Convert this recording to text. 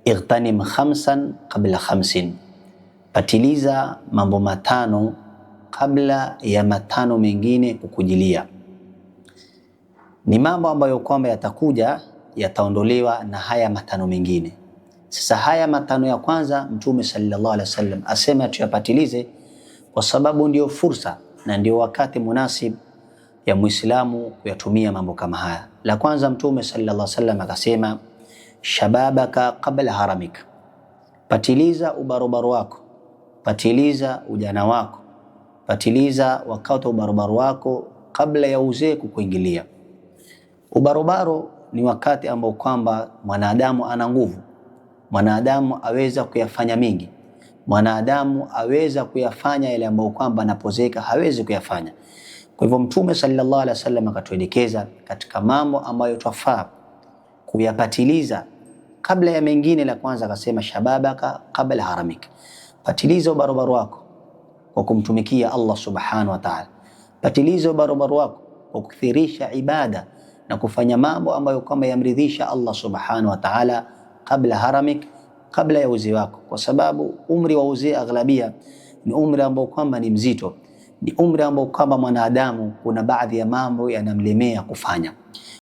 Igtanim khamsan qabla khamsin, patiliza mambo matano kabla ya matano mengine kukujilia. Ni mambo ambayo kwamba yatakuja yataondolewa na haya matano mengine. Sasa haya matano ya kwanza Mtume sallallahu alaihi wasallam asema tuyapatilize, kwa sababu ndiyo fursa na ndio wakati munasib ya Muislamu kuyatumia mambo kama haya. La kwanza Mtume sallallahu alaihi wasallam akasema shababaka qabla haramika, patiliza ubarobaro wako, patiliza ujana wako, patiliza wakati wa ubarobaro wako kabla ya uzee kukuingilia. Ubarobaro ni wakati ambao kwamba mwanadamu ana nguvu, mwanadamu aweza kuyafanya mingi, mwanadamu aweza kuyafanya yale ambayo kwamba anapozeeka hawezi kuyafanya. Kwa hivyo Mtume sallallahu alaihi wasallam akatuelekeza katika mambo ambayo twafaa kuyapatiliza kabla ya mengine, la kwanza akasema shababaka qabla haramik, patiliza ubarobaro wako kwa kumtumikia Allah subhanahu wa ta'ala, patiliza ubarobaro wako kwa kuthirisha ibada na kufanya mambo ambayo kama yamridhisha Allah subhanahu wa ta'ala, kabla haramik, kabla ya uzee wako, kwa sababu umri wa uzee aghlabia ni umri ambao kwamba ni mzito, ni umri ambao kwamba mwanadamu kuna baadhi ya mambo yanamlemea kufanya